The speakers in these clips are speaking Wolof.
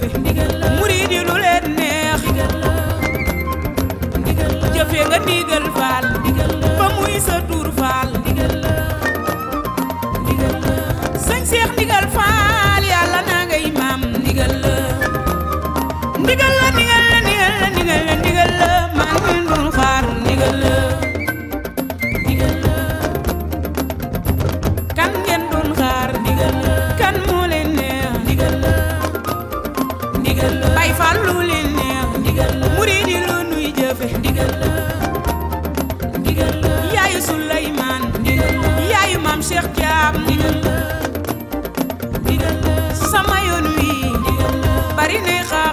jafe murid yi lu leen neex jëfe nga ndigal faal ba muy sa tuur faal sañ seex ndigal faal yàlla naa ngay maam ndigal la ndigal la ndigal la ndigal la Sénégal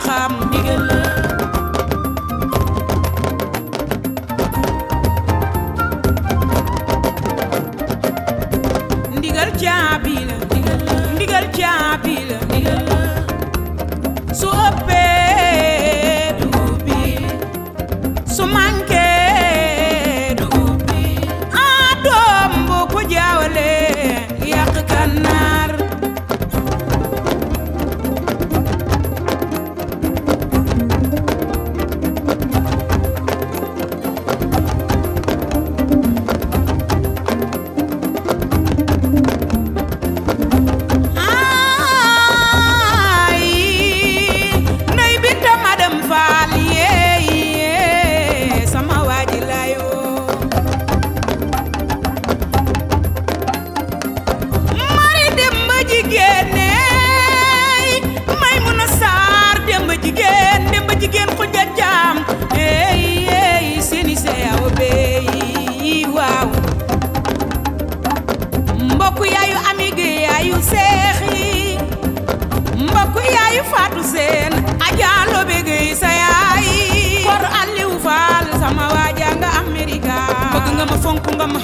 mbokk yaayu amigi yaayu seex yi yaayu faatu seen ajaalo begey sa yaay kor alliw faal sama waaja nga amerika bëgg nga ma fonk nga ma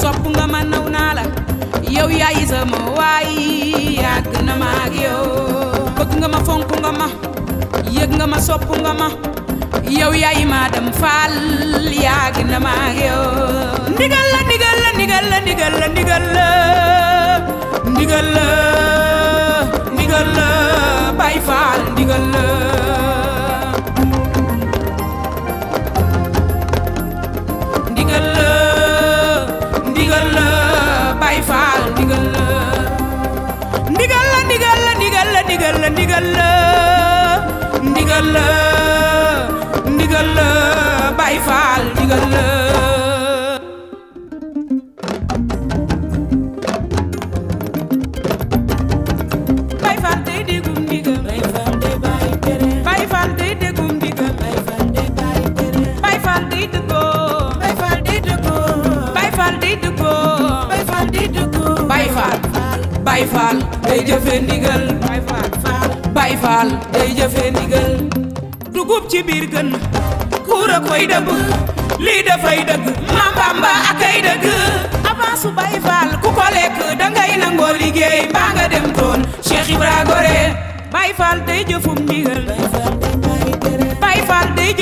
sopp nga ma naw naa la yow yaayi sama waay yàgg na ma ak yow nga ma fonk nga ma yëg nga ma sopp nga ma yow yaayi ma dem faal yàgg na ma ak ndigal la ndigal ndigal la ndigal la ndigal la ndigal la ndigal la Baay Faal ndigal la ndigal la ndigal la Baay Faal ndigal la ndigal la ndigal la ndigal la ndigal la ndigal la ndigal la ndigal la Baay Faal ndigal la Baye Fall day jëfe ndigal Baye Fall Baye Fall day jëfe ci biir gën kuura koy dëbb lii dafay dëgg Maam akay dëgg avance su Baye ku ko lekk dangay nangoo liggéey mbaa nga dem toon Cheikh Ibra Gore Baye day jëfum ndigal Baye Fall day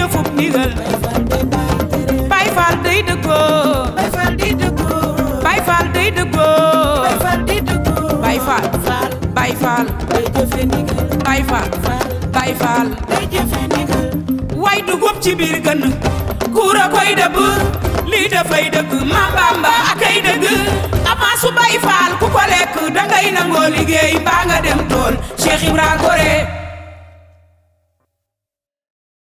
dëggoo jëfe ndigal Baay Faal Baay Faal way dugub ci biir gën kuura koy dëbb lii dafay dëgg ma Bamba akay dëgg amaasu Baay Faal ku ko lekk dangay nangoo liggéey mbaa nga dem tool Cheikh Ibra Gore